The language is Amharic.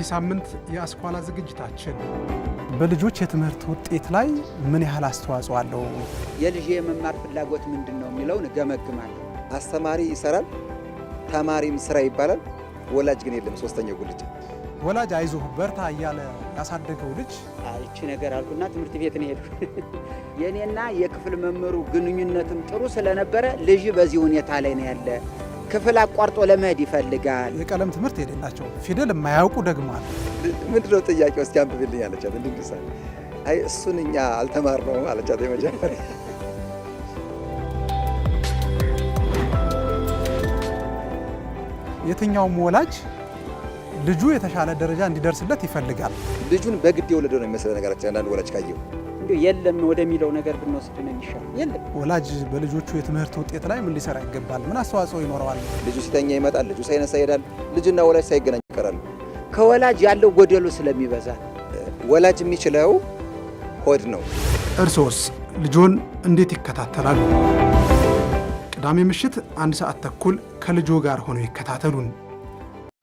በዚህ ሳምንት የአስኳላ ዝግጅታችን በልጆች የትምህርት ውጤት ላይ ምን ያህል አስተዋጽኦ አለው፣ የልጅ የመማር ፍላጎት ምንድን ነው የሚለውን እገመግማለሁ። አስተማሪ ይሰራል፣ ተማሪም ስራ ይባላል። ወላጅ ግን የለም። ሶስተኛው ጉልቻ ወላጅ አይዞህ በርታ እያለ ያሳደገው ልጅ ይቺ ነገር አልኩና ትምህርት ቤት ነው ሄዱ። የእኔና የክፍል መምህሩ ግንኙነትም ጥሩ ስለነበረ ልጅ በዚህ ሁኔታ ላይ ነው ያለ ክፍል አቋርጦ ለመሄድ ይፈልጋል። የቀለም ትምህርት የሌላቸው ፊደል የማያውቁ ደግሞ አለ። ምንድነው ጥያቄ ውስጥ ያንብብልኝ አለቻት። እንድንሳ አይ እሱን እኛ አልተማርነውም አለቻት የመጀመሪያ የትኛውም ወላጅ ልጁ የተሻለ ደረጃ እንዲደርስለት ይፈልጋል። ልጁን በግድ የወለደው ነው የሚመስለው ነገራችን አንዳንድ ወላጅ ካየው እንዲ የለም ወደሚለው ነገር ብንወስድ ነው የሚሻል። የለም ወላጅ በልጆቹ የትምህርት ውጤት ላይ ምን ሊሰራ ይገባል? ምን አስተዋጽኦ ይኖረዋል? ልጁ ሲተኛ ይመጣል፣ ልጁ ሳይነሳ ይሄዳል። ልጅና ወላጅ ሳይገናኝ ይቀራል። ከወላጅ ያለው ጎደሉ ስለሚበዛ ወላጅ የሚችለው ሆድ ነው። እርሶስ ልጆን እንዴት ይከታተላሉ? ቅዳሜ ምሽት አንድ ሰዓት ተኩል ከልጆ ጋር ሆነው ይከታተሉን።